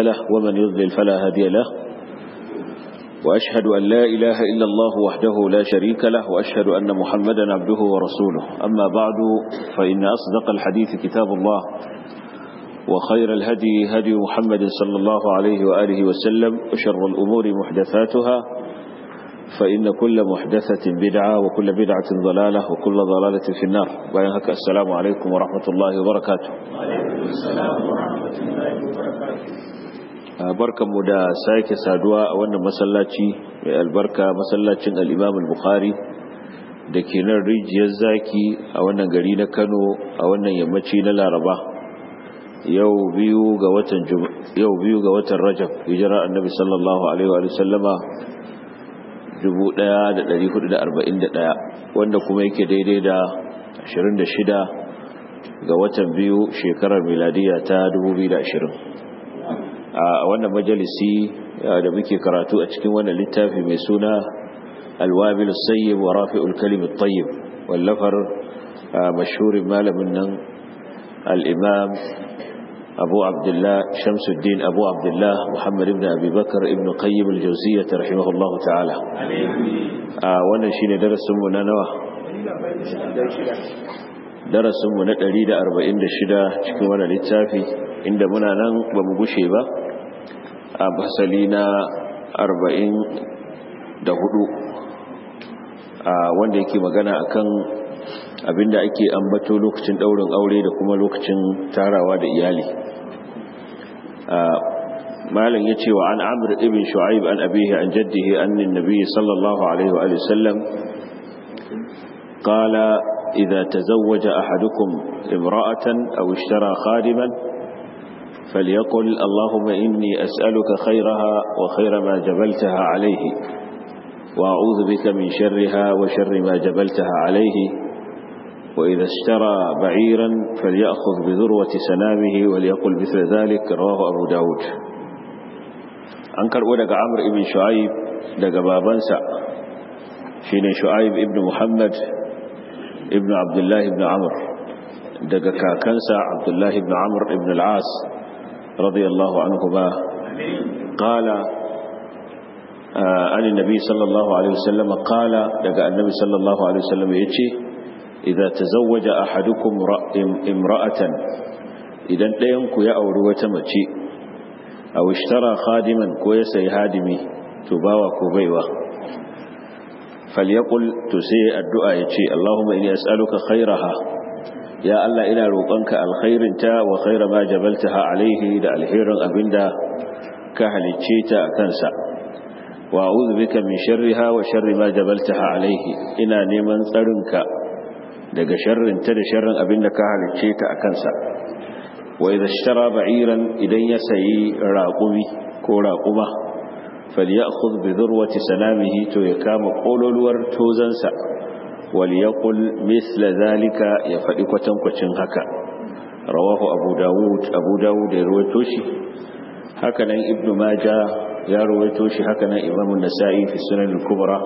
له ومن يضلل فلا هادي له وأشهد أن لا إله إلا الله وحده لا شريك له وأشهد أن محمدا عبده ورسوله أما بعد فإن أصدق الحديث كتاب الله وخير الهدي هدي محمد صلى الله عليه وآله وسلم وشر الأمور محدثاتها فإن كل محدثة بدعة وكل بدعة ضلالة وكل ضلالة في النار وينهك السلام عليكم ورحمة الله وبركاته وعليكم السلام ورحمة الله وبركاته barkan mu da sake saduwa a wannan masallaci mai albarka masallacin al-Imam da ke nan rijiyar zaki a wannan gari na Kano a wannan yammaci na Laraba yau biyu ga watan Rajab annabi 1441 wanda kuma yake daidai da 26 ga watan biyu shekarar miladiya ta 2020 a wannan majalisi da muke karatu a cikin wannan littafi mai suna alwabil sayyib wa rafi'ul kalim tayyib wallafar mashhurin malamin nan al-imam أبو عبد الله شمس الدين أبو عبد الله محمد بن أبي بكر ابن قيم الجوزية رحمه الله تعالى آه وانا شين درس منا نوا درس منا دليل أربعين دشدا شكو وانا للتافي عند منا نان ومبوشيبا أبحسلينا أربعين دهدو آه وانا يكي مغانا أكن abinda ake ambato lokacin daurin aure da kuma lokacin tarawa da iyali ما آه، مالا يتي وعن عمر ابن شعيب عن أبيه عن جده أن النبي صلى الله عليه وآله وسلم قال إذا تزوج أحدكم امرأة أو اشترى خادما فليقل اللهم إني أسألك خيرها وخير ما جبلتها عليه وأعوذ بك من شرها وشر ما جبلتها عليه وإذا اشترى بعيرا فليأخذ بذروة سنامه وليقل مثل ذلك رواه أبو داود أنكر ودق عمر بن شعيب دق بابنسع شين شعيب ابن محمد ابن عبد الله بن عمر دق كاكنسع عبد الله بن عمر ابن العاص رضي الله عنهما قال آه، عن النبي صلى الله عليه وسلم قال دق النبي صلى الله عليه وسلم يتشي idza tazawwaja ahadukum imra'atan idan ɗayanku ya auri wata mace aw ishtara khadiman ko ya sayi hadimi to bawa ko baiwa Fal to sai addu'a ya yace Allahumma inni as'aluka khairaha ya Allah ina roƙonka alkhairinta wa khaira ma jabaltaha alaihi da alherin abinda ka halicce ta a kansa wa a'udhu bika min sharriha wa sharri ma jabaltaha alaihi ina neman tsarinka daga sharrinta da sharrin abinda ka halicce ta a kansa wa idza ishtara ba'iran idan ya sayi raƙumi ko raquma falyakhudh bi dhurwati salamihi to ya kama kololuwar tozansa walyaqul misla zalika ya faɗi kwatankwacin haka rawahu abu dawud abu dawud ya shi ibnu Maja ya rawaito shi haka nan imam an-nasa'i fi sunan kubra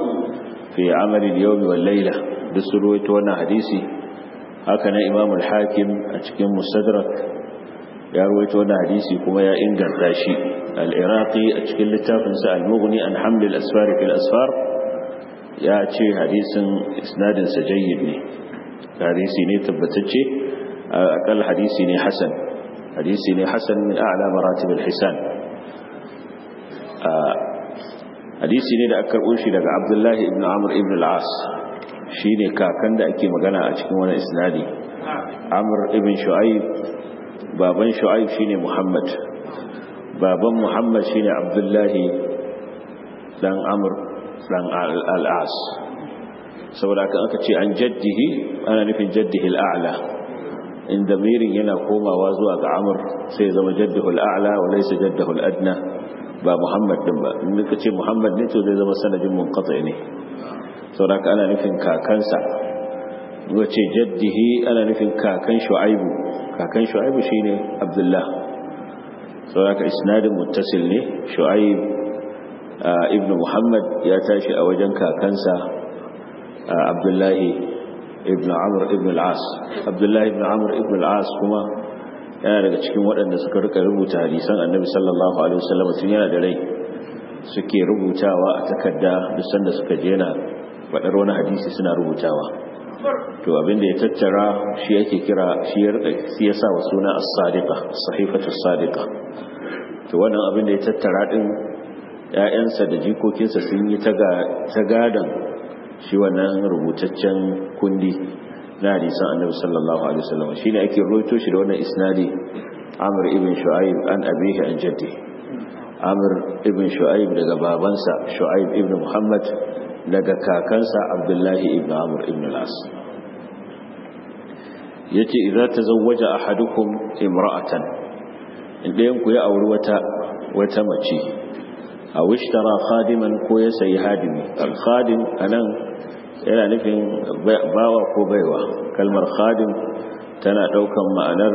fi amal al wal-layla duk su ruwaito wannan hadisi haka na imam al-hakim a cikin musadrak. ya ruwaito wannan hadisi kuma ya inganta shi al-iraqi a cikin littafinsa al-mughni an hamd al-asfar fil asfar ya ce hadisin isnadin sa jayyid ne hadisi ne tabbatacce akal hadisi ne hasan hadisi ne hasan min a'la maratib al-hisan hadisi ne da aka karbo shi daga abdullahi ibn amr ibn al-as Shi ne kakan da ake magana a cikin wani isnadi amr ibn shu'aib baban shu'aib shine muhammad baban muhammad shine abdullahi dan amr dan al-as saboda kan aka ce an jaddihi ana nufin jaddihi al Inda in damirin yana komawa zuwa ga amr sai zama jaddihu al-a'la wa laysa jaddihu al ba muhammad din ba in ka ce muhammad ne to zai zama sanadin munqati ne sauraka ana nufin kakansa wace jaddihi ana nufin kakan shu'aibu kakan shu'aibu shi ne abdullah sauraka isnadin muttasil ne shu'aib Ibn muhammad ya tashi a wajen kakansa abdullahi ibn Amur, ibn al-as abdullahi ibn Amur, ibn al-as kuma yana daga cikin waɗanda suka rika rubuta hadisan annabi sallallahu alaihi wasallam tun yana da rai suke rubutawa a takarda duk sanda suka je na faɗar wani hadisi suna rubutawa to abinda ya tattara shi yake kira shi ya rika shi ya sa wa suna a sadiqa sahifatu as-sadiqa to wannan abinda ya tattara din ƴaƴansa da jikokinsa sun yi ta gadan shi wannan rubutaccen kundi na hadisan annabi sallallahu alaihi wasallam ne ake ruwaito shi da wannan isnadi amr ibn shu'aib an abihi an jaddi amr ibn shu'aib daga babansa shu'aib ibn muhammad daga kakansa abdullahi ibn amur ibn al-as yace idza tazawwaja ahadukum imra'atan in ɗayan ya auri wata mace a wishtara khadiman ko ya sayi hadimi al-khadim nan yana nufin bawa ko baiwa kalmar khadim tana daukan ma'anar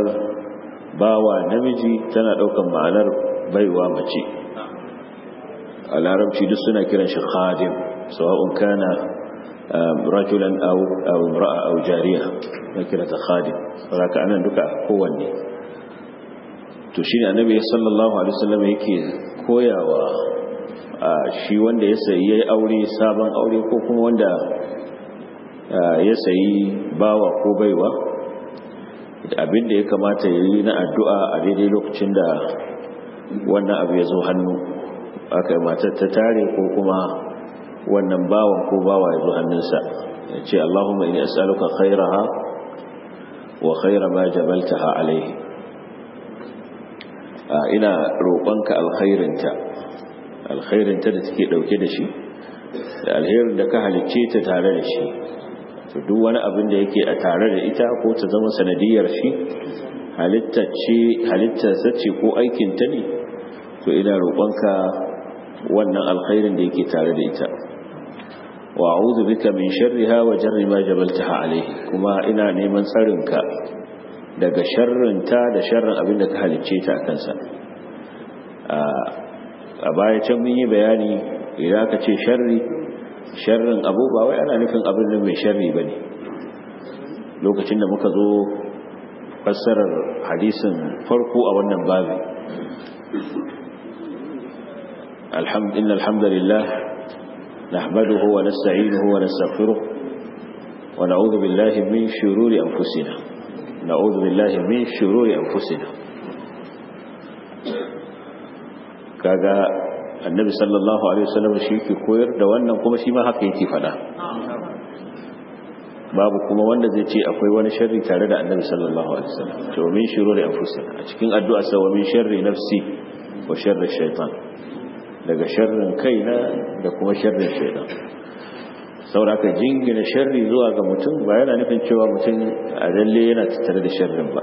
bawa namiji tana daukan ma'anar baiwa mace a larabci duk suna kiran shi khadim سواء كان رجلا أو, أو امرأة أو جارية نكرة خادم ولك أنا دكا قواني تشين النبي صلى الله عليه وسلم يكي كويا و shi wanda ya sayi ya aure sabon aure ko kuma wanda ya sayi bawa ko baiwa abinda ya kamata ya yi na addu'a a daidai lokacin da wannan abu ya zo hannu aka matar ta tare ko kuma wannan bawan ko bawa ya zo hannunsa ya ce Allahumma inni as'aluka khairaha wa khaira ma jabaltaha alaihi ina roƙonka alkhairinta alkhairinta da take dauke da shi da alherin da ka halicce ta tare da shi to duk wani abin da yake a tare da ita ko ta zama sanadiyar shi halitta ce halittarsa ce ko aikin ne to ina roƙonka wannan alkhairin da yake tare da ita wa a'udhu bika min sharriha wa jarri ma jabaltaha alayhi kuma ina neman tsarinka daga sharrinta da sharrin abin da ka halicce ta kansa a baya can mun yi bayani idan ka ce sharri sharrin abu ba wai ana nufin abin da mai sharri bane lokacin da muka zo fassarar hadisin farko a wannan babu alhamdulillah نحمده ونستعينه ونستغفره ونعوذ بالله من شرور أنفسنا نعوذ بالله من شرور أنفسنا kaga annabi sallallahu alaihi wasallam shi ke koyar da wannan kuma shi ma haka yake faɗa. babu kuma wanda zai ce akwai wani sharri tare da annabi sallallahu alaihi wasallam to min shururi anfusina a cikin addu'a sa wa min sharri nafsi wa sharri shaytan daga sharrin kai na da kuma sharrin shaidan sauraka jingina sharri zuwa ga mutum ba yana nufin cewa mutum a lalle yana tattare da sharrin ba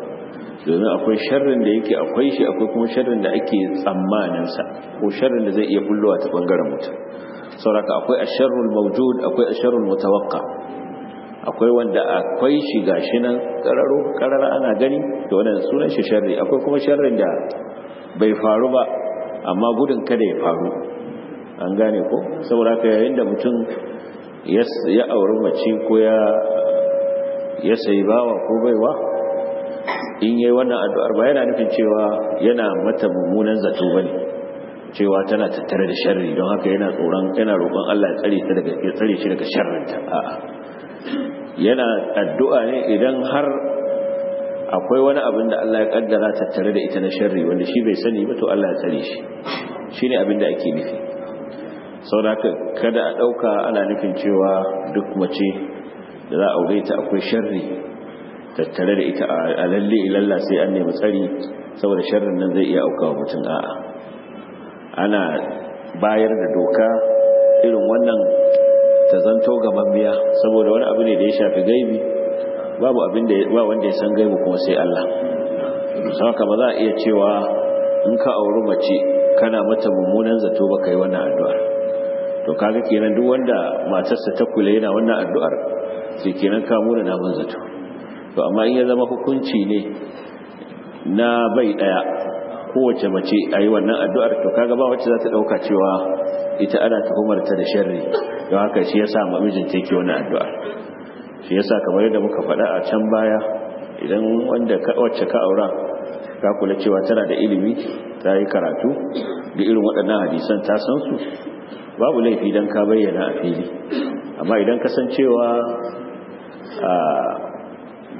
domin akwai sharrin da yake akwai shi akwai kuma sharrin da ake tsammaninsa ko sharrin da zai iya kullowa ta bangaren mutum sauraka akwai a sharrin maujud akwai a asharrul mutawakka akwai wanda akwai shi gashi nan kararo karara ana gani da wannan sunan shi sharri akwai kuma sharrin da bai faru ba amma gudun kada ya faru an gane ko saboda ka yayin da mutum ya auri mace ko ya sayi bawa ko baiwa in yi wannan addu'ar ba yana nufin cewa yana mata mummunan zato ba ne cewa tana tattare da sharri don haka yana tsoron yana roƙon Allah ya tsare ta daga tsare shi daga sharrinta a'a yana addu'a ne idan har akwai wani abin da Allah ya kaddara tattare da ita na sharri wanda shi bai sani ba to Allah ya tsare shi shine abin da ake nufi saboda kada a dauka ana nufin cewa duk mace da za a aure ta akwai sharri tattare da ita a lalle ilalla sai an nemi tsari saboda sharrin nan zai iya aukawa mutum a'a ana bayar da doka irin wannan ta zanto gamammiya saboda wani abu ne da ya shafi gaibi babu abin da ba wanda ya san gaibu kuma sai Allah saka ba za a iya cewa in ka auri mace kana mata mummunan zato ba kai wannan addu'ar to kaga kenan duk wanda matarsa ta kula yana wannan addu'ar sai kenan ka mura na mun zato to amma in ya zama hukunci ne na bai daya kowace mace a yi wannan addu'ar to kaga ba wacce za ta ɗauka cewa ita ana tuhumarta da sharri don haka shi ya sa mamijin take wannan addu'ar shi yasa kamar yadda muka faɗa a can baya idan wanda wacce ka aura ka kula cewa tana da ilimi ta yi karatu da irin waɗannan hadisan ta san su babu laifi don ka bayyana a fili amma idan kasancewa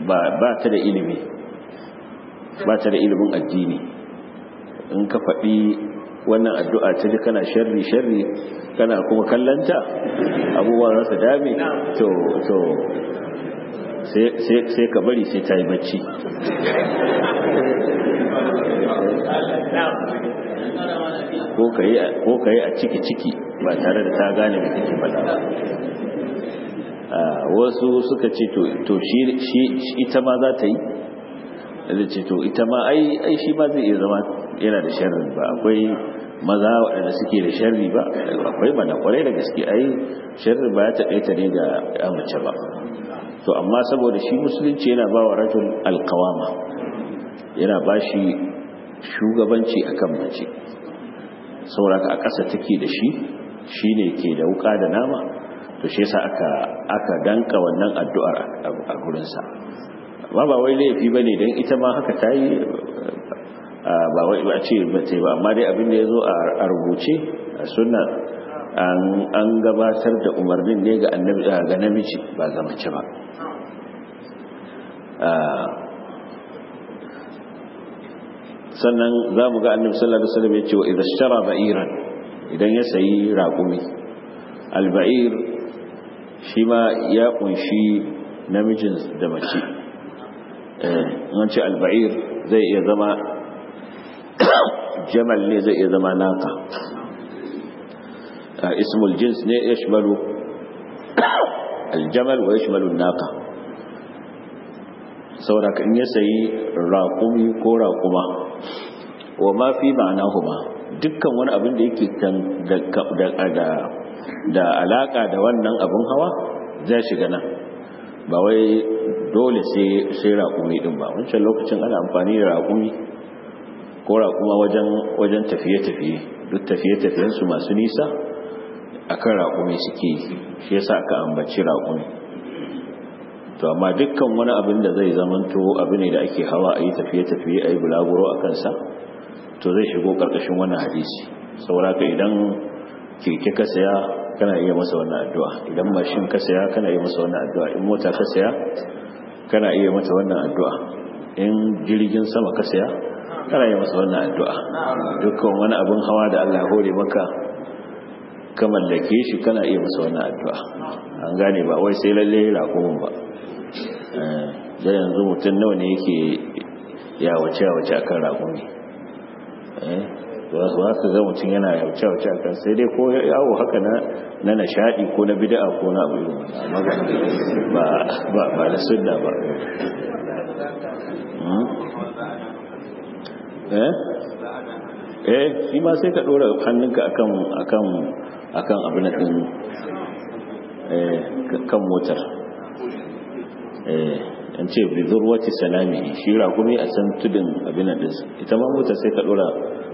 ba ta da ilimi ba ta da ilimin addini in ka faɗi wannan addu'a ta ji kana sharri sharri kana kuma kallanta abubuwa za su dame to to sai ka bari sai ta yi bacci ko ka yi a ciki-ciki ba tare da ta gane da kake faɗa wasu suka ce to shi ita ma za ta yi da ce to ita ma ai shi ma zai iya zama yana da sharrin ba akwai maza waɗanda suke da sharri ba akwai mana kwarai da gaske ai sharri ba ya taƙaita ne ga amince ba to amma saboda shi musulunci yana ba wa rajin alkawama yana ba shi shugabanci kan mace sauraka a ƙasa take da shi shi ne ke da wuka da nama to shi yasa aka aka danka wannan addu'ar a gurinsa ba ba wai laifi ba ne don ita ma haka ta yi. ba wai ba ce ba ta ba amma dai abin da ya zo a rubuce a sunan an gabatar da umarnin ne ga namiji ba ga mace ba sannan za mu ga annabi sallallahu alaihi wasallam ya ce wa idza shara ba'iran idan ya sayi raƙumi alba'ir shi ma ya kunshi namijin da mace eh, an ce alba'ir zai iya zama jamal ne zai iya zama naka a ismul jins ne ya shimalu aljamal wa ya shimalu naka sauraka in ya sayi raƙumi ko raƙuma wa ma fi ma'ana huma dukkan wani abin da yake da alaƙa da wannan abin hawa zai shiga nan ba wai dole sai raƙumi din ba wancan lokacin ana amfani da raƙumi ko raƙuma wajen tafiye-tafiye duk tafiye su masu nisa akan raƙumi suke shi yasa aka ambaci raƙumi to amma dukkan wani abin da zai zamanto abu ne da ake hawa a yi tafiye-tafiye a yi bulaguro a kansa to zai shigo ƙarƙashin wannan hadisi saboda ka idan keke ka saya kana iya masa wannan addu'a idan mashin ka saya kana iya masa wannan addu'a in mota ka saya kana iya mata wannan addu'a in jirgin sama ka saya kana yi masa wannan addu'a dukkan wani abin hawa da Allah hore maka kamar da ke shi kana iya masa wannan addu'a an gane ba wai sai lalle kuma ba eh, da yanzu mutum nawa ne yake yawace yawace akan raƙumi wasu eh, haka ga mutum yana yawace yawace akan sai dai ko yawo haka na nishaɗi ko na bida'a ko na abu yi ba da sunna ba eh eh shi ma sai ka dora hannunka akan akan akan abin da din eh kan motar eh an ce bi zurwati salami shi ragumi a san tudin abin da din ita ma motar sai ka dora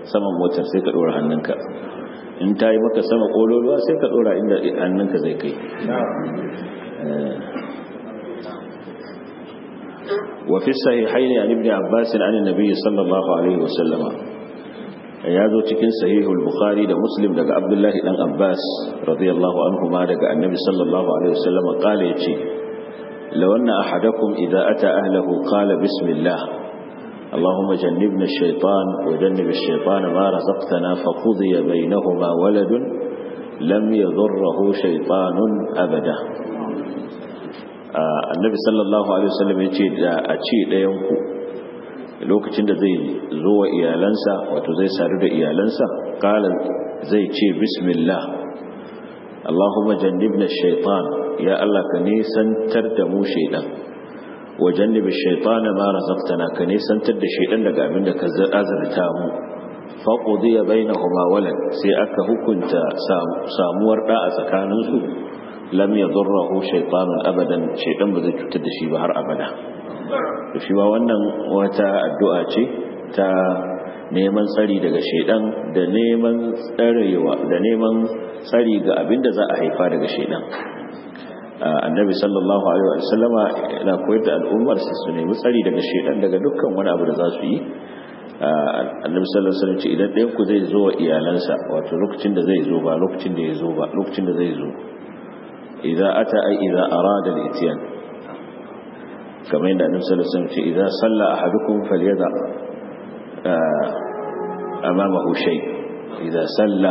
saman motar sai ka dora hannunka in ta yi maka sama kololuwa sai ka dora inda hannunka zai kai eh وفي الصحيحين عن ابن عباس عن النبي صلى الله عليه وسلم ya zo cikin sahihul bukhari da muslim daga abdullahi dan abbas radiyallahu anhu ma daga annabi sallallahu alaihi wasallam kala yace law anna ahadakum idza ata ahlihi qala bismillah اللهم جنبنا الشيطان وجنب الشيطان ما رزقتنا فقضي بينهما ولد لم يضره شيطان أبدا annabi sallallahu alaihi wasallam ya ce da a ce ɗayan ku lokacin da zai zo wa iyalansa wato zai sadu da iyalansa kala zai ce bismillah Allahumma jannibna shaitan ya Allah ka nisantar da mu shaitan wa jannibi shaitana ma razaqtana ka nisantar da shaiɗan daga abin da ka azurta mu fa qudiya bainahuma walad sai aka hukunta samuwar da a tsakaninsu lam yadurruhu shaytanun abadan shaytan ba zai cutar da shi ba har abada to shi wannan wata addu'a ce ta neman tsari daga shaidan da neman tsarewa da neman tsari ga abin da za a haifa daga shaidan annabi sallallahu alaihi wasallama yana koyar da al'ummar su nemi tsari daga shaidan daga dukkan wani abu da za su yi annabi sallallahu alaihi wasallam ce idan ɗayan ku zai zo wa iyalansa wato lokacin da zai zo ba lokacin da ya zo ba lokacin da zai zo إذا أتى أي إذا أراد الإتيان كما إن النبي صلى الله عليه وسلم في إذا صلى أحدكم فليدع آه، أمامه شيء إذا صلى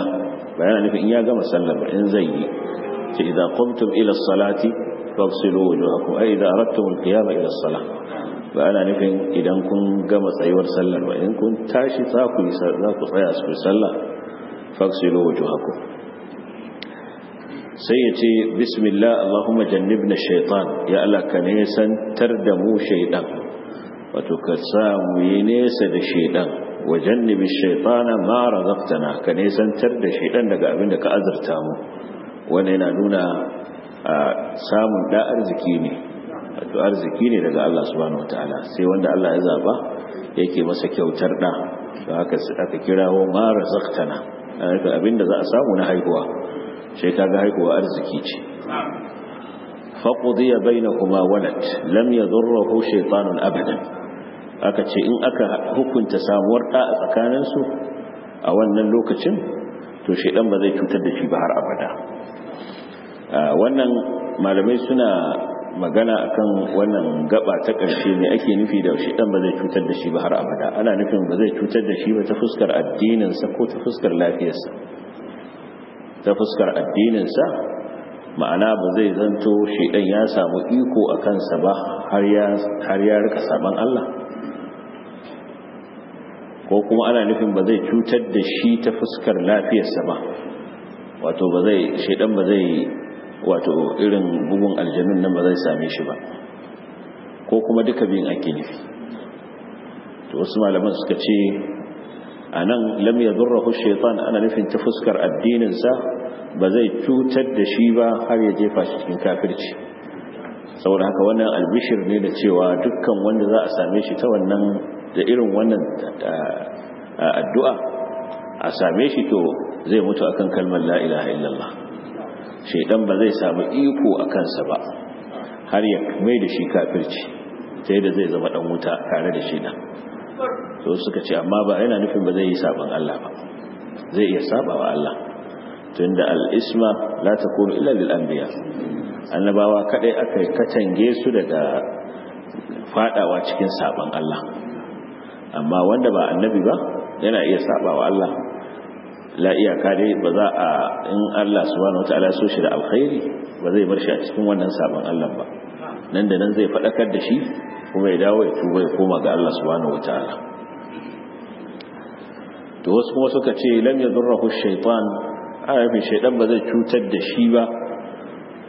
بيان أنك إن يقام صلى إن زي فإذا قمتم إلى الصلاة فاغسلوا وجوهكم أي إذا أردتم القيام إلى الصلاة فأنا نفهم إذا كن قام صلى وسلم وإن كنت تاشي تاكل صلى فاغسلوا وجوهكم sai ya ce bismillah allahumma na shaitan ya Allah ka nesantar da mu shaitan wato ka sa mu yi nesa da shaitan wa jannibi shaitana ma razaqtana ka nesantar da shaitan daga abin da ka azurta mu Wani yana nuna samun da arziki ne wato arziki ne daga Allah subhanahu sai wanda Allah ya zaba yake masa kyautar da haka kirawo mara razaqtana abin da za a samu na haihuwa sai ga haihuwa arziki ce bai faqudiya bainakuma walad lam yadurruhu shaytanun abadan aka ce in aka hukunta samuwar ɗa a tsakaninsu a wannan lokacin to shaidan ba zai cutar da shi ba har abada wannan malamai suna magana akan wannan gaba ta ƙarshe ne ake nufi da shaidan ba zai cutar da shi ba har abada ana nufin ba zai cutar da shi ba ta fuskar addininsa ko ta fuskar lafiyarsa ta fuskar addininsa ma'ana ba zai zanto shaidan ya samu iko a kansa ba har ya rika saban Allah ko kuma ana nufin ba zai cutar da shi ta fuskar lafiyarsa ba wato ba zai shaidan ba zai wato irin bugun aljamin nan ba zai same shi ba ko kuma duka biyun ake nufi to wasu malaman suka ce a nan lam ya durrahu shaitan ana nufin ta fuskar addininsa ba zai cutar da shi ba har ya jefa shi cikin kafirci saboda haka wannan albishir ne da cewa dukkan wanda za a same shi ta wannan da irin wannan addu'a a same shi to zai mutu akan kalmar la ilaha illallah shaitan ba zai samu iko a kansa ba har ya mai da shi kafirci sai da zai zama dan wuta tare da shi nan to suka ce amma ba yana nufin ba zai yi saban Allah ba zai iya saba Allah tunda al-isma la takunu illa lil anbiya annabawa kadai aka katange su daga fadawa cikin saban Allah amma wanda ba annabi ba yana iya saba wa Allah la iyaka dai ba za a in Allah subhanahu wataala so shi da alkhairi ba zai bar shi a cikin wannan saban Allah ba nan da nan zai fadakar da shi kuma ya dawo ya tuba ya koma ga Allah subhanahu wataala to wasu kuma suka ce lam yadurruhu shaytan ayafi shaydan ba zai cutar da shi ba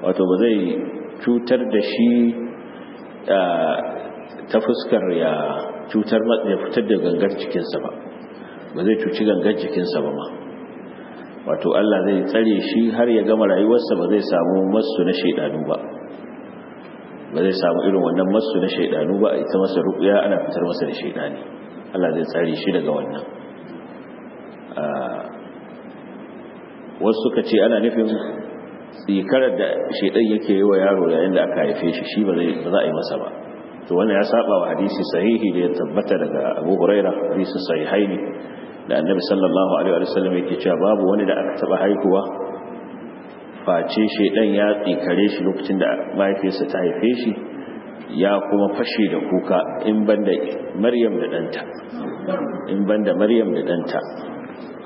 wato ba zai cutar da shi ta fuskar ya cutar ya fitar da gangar cikinsa ba ba zai cuci gangar jikinsa ba ma wato Allah zai tsare shi har ya gama rayuwarsa ba zai samu masu na shaidanu ba ba zai samu irin wannan masu na shaidanu ba a ita masa rukuya ana fitar masa da shaidani Allah zai tsare shi daga wannan wasu suka ce ana nufin tsikarar da shaidan yake yi wa yaro yayin da aka haife shi shi ba za a yi masa ba to wannan ya saba wa hadisi sahihi da ya tabbata daga Abu Huraira hadisi ne da Annabi sallallahu alaihi wa sallam yake cewa babu wani da aka taba haihuwa face shaidan ya tsikare shi lokacin da mahaifiyarsa ta haife shi ya kuma fashe da kuka in banda Maryam da danta Maryam da danta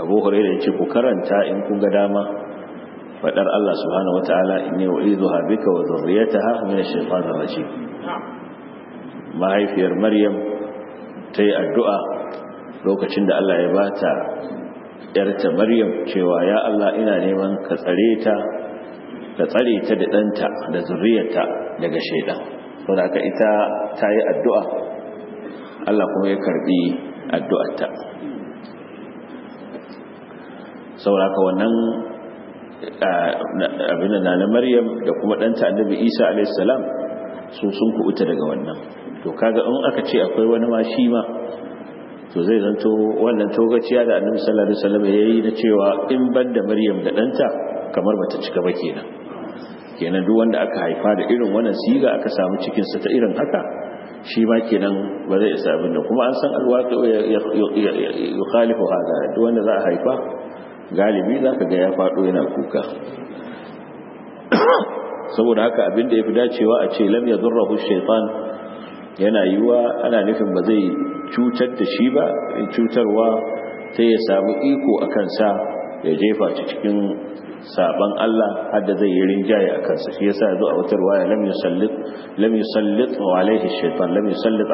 abu hurairah yace ku karanta in kun ga dama fadar Allah subhanahu wataala inni u'izuha bika wa dhurriyyataha min ash-shaytanir rajim mahaifiyar maryam tayi addu'a lokacin da Allah ya bata yarta maryam cewa ya Allah ina neman ka tsare ta ka tsare ta da ɗanta da zurriyarta daga shaidan saboda ita ta yi addu'a Allah kuma ya karbi addu'arta sauraka wannan abin da na maryam da kuma danta annabi isa a.s. su sun kubuta daga wannan to kaga in aka ce akwai wani ma shi ma to zai zanto wannan togaciya da annabi sallallahu alaihi wasallam yayi na cewa in da maryam da danta kamar bata cika ba kenan kenan duk wanda aka haifa da irin wannan siga aka samu cikin sa ta irin haka shi ma kenan ba zai isa abin da kuma an san alwaqi ya yukhalifu hada duk wanda za a haifa galibi za ka ga ya faɗo yana kuka saboda haka abin da ya fi dacewa a ce lam ya zurrahu shaitan yana yiwuwa ana nufin ba zai cutar da shi ba in cutarwa sai ya samu iko a kansa ya jefa shi cikin saban Allah hadda zai yi rinjaye a kansa shi yasa yazo a wutar waya lam yusallit lam yusallit alaihi shaitan lam yusallit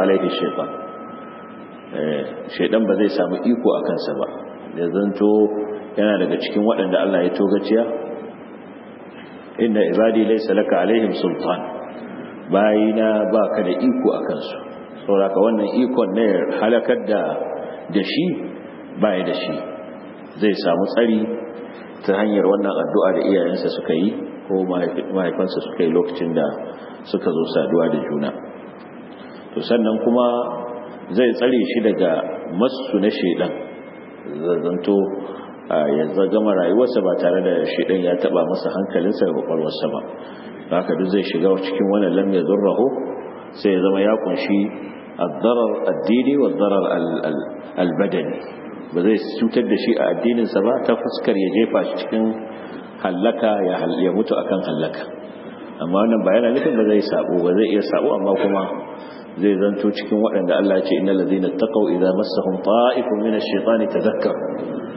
eh ba zai samu iko a kansa ba ya zanto yana daga cikin waɗanda Allah ya togaciya inda ibadi laysa laka alaihim sultan bayina baka da iko akan su saboda wannan ikon ne halakar da da shi bai da shi zai samu tsari ta hanyar wannan addu'a da iyayensa suka yi ko mahaifansa suka yi lokacin da suka zo saduwa da juna to sannan kuma zai tsare shi daga masu na shaidan zanto ya gama rayuwarsa ba tare da shi ɗin ya taɓa masa hankalinsa da kwakwalwarsa ba ka duk zai shiga cikin wannan lamya, ya zurrahu sai ya zama ya kunshi addarar addini wa addarar albadani ba zai cutar da shi a addininsa ba ta fuskar ya jefa shi cikin hallaka ya mutu akan hallaka amma wannan ba yana nufin ba zai sabo ba zai iya sabo amma kuma zai zanto cikin waɗanda Allah ya ce innal ladina taqaw idza massahum ta'ifun min ash-shaytani tadhakkar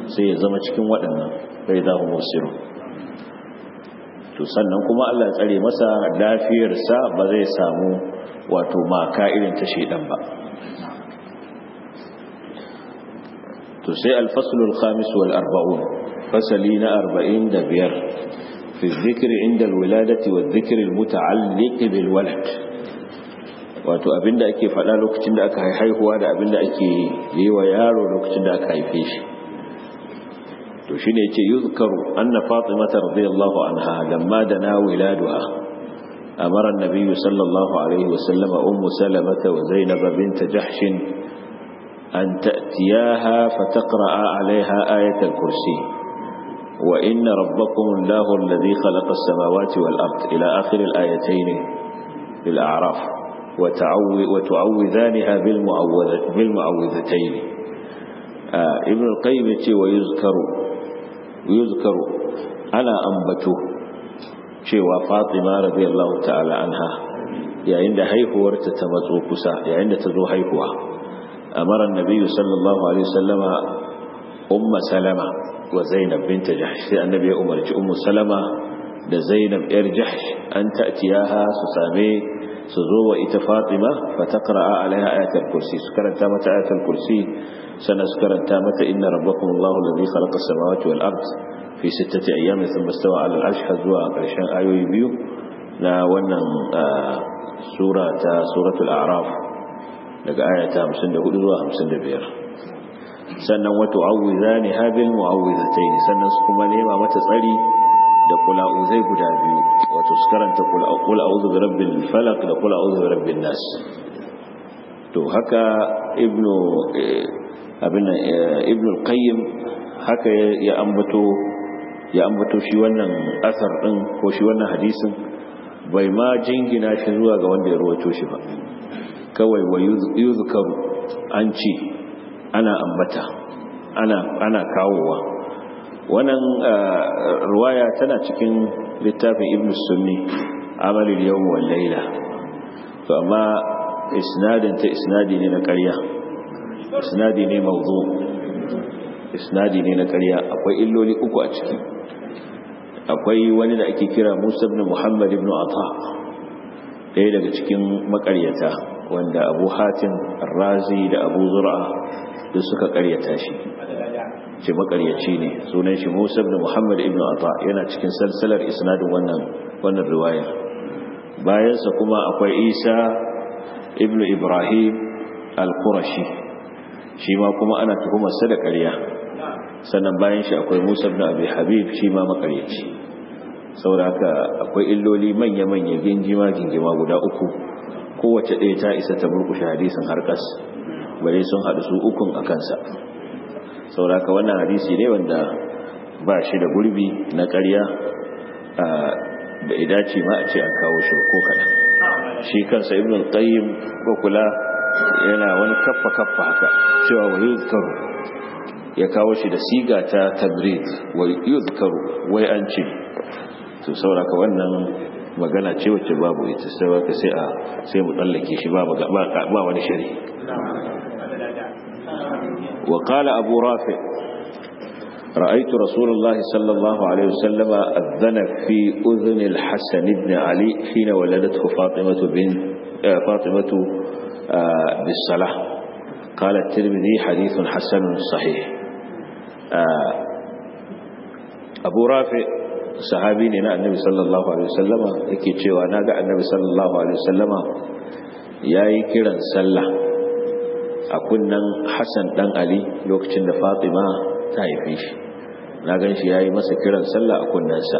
sai ya zama cikin waɗannan bai za mu sirru to sannan kuma Allah ya tsare masa lafiyarsa ba zai samu wato maka irin ta shedan ba to sai al-fasl al-khamis wal 40 fasali na 45 fi dhikri inda al-wiladati wa dhikri al-muta'alliq bil walad wato abinda ake faɗa lokacin da aka haihuwa da abinda ake yi wa yaro lokacin da aka haife shi to shine yace yuzkaru anna fatimata radiyallahu anha lamma dana wiladuha amara an-nabiy sallallahu alaihi wasallam ummu salamata wa zainab bint jahsh an ta'tiyaha fataqra'a alaiha ayat al-kursi wa inna rabbakum allahu alladhi khalaqa as-samawati wal-ard ila akhir al-ayatayn bil a'raf wa ta'awwi wa tu'awwidhanha bil mu'awwidhatayn ibn al-qayyim yace wa yuzkaru yuzkaru ana ambato cewa fatima radiyallahu ta'ala anha yayin da haihuwarta ta matso kusa yayin da ta zo haihuwa amara annabi sallallahu alaihi wasallama umma salama wa zainab binta jahsh sai annabi ya umarci ummu salama da zainab yar jahsh an ta'tiyaha su same su zo wa ita fatima fa taqra'a alaiha ayatul kursi su karanta mata ayatul kursi sannan su karanta maka inna rabbakum Allahu allazi khalaqa as-samawati wal ard fi sittati ayyamin thumma istawa 'ala al-'arsh zuwa karshen ayoyi biyu na wannan sura ta suratul a'raf daga ayata 54 zuwa 55 sannan wa tu'awwidhani habil mu'awwidhatayn sannan su kuma nema mata tsari da kula'uzai guda biyu wato su karanta kula'uzu bi rabbil da kula'uzu nas to haka ibnu abin eh, ibn al-qayyim haka ya ambato ya ambato shi wannan asar din ko shi wannan hadisin bai ma jingina shi zuwa ga wanda ya rawato shi ba kawai wa yuzkaru an ci, ana ambata ana ana kawowa wannan eh, ruwaya tana cikin littafin ibn sunni amalul yawm wal layla to amma isnadin ta isnadi ne na ƙarya isnadi ne mawdu isnadi ne na ƙarya akwai illoli uku a ciki akwai wani da ake kira Musa ibn Muhammad ibn Atha ɗaya daga cikin maƙaryata wanda Abu Hatim Razi da Abu Zur'a da suka karyata shi ce maƙaryaci ne sunan shi Musa ibn Muhammad ibn Atha yana cikin salsalar isnadin wannan wannan riwaya bayansa kuma akwai Isa ibn Ibrahim al-Qurashi shi ma kuma ana tuhumar sa da ƙarya sannan bayan shi akwai Musa ibn Abi Habib shi ma makaryaci saboda haka akwai illoli manya-manya gingima gingima guda uku kowace ɗaya ta isa ta burkushe hadisin harkas bare sun haɗu su ukun a kansa saboda haka wannan hadisi ne wanda ba shi da gurbi na ƙarya da idaci ma a ce a kawo shi ko kaɗan shi kansa ibn qayyim ko kula yana wani kaffa kaffa haka cewa wa yi yuzkaru ya kawo shi da siga ta tabrid wa yi yuzkaru wai an ce to sauraka wannan magana ce wacce babu ita sai sauraka sai a sai mu tsallake shi ba wani shari wa qala abu rafi رأيت رسول الله صلى الله عليه وسلم uzunin في أذن الحسن بن علي حين ولدته فاطمة بن بالصلاة قال الترمذي حديث حسن صحيح أبو رافع صحابي لنا النبي صلى الله عليه وسلم يكي تشيوى ناقع النبي صلى الله عليه وسلم ياي كيران صلى أكنا حسن دان علي لوكتن فاطمة تايفيش ناقن شي ياي مسا كيران صلى أكنا سا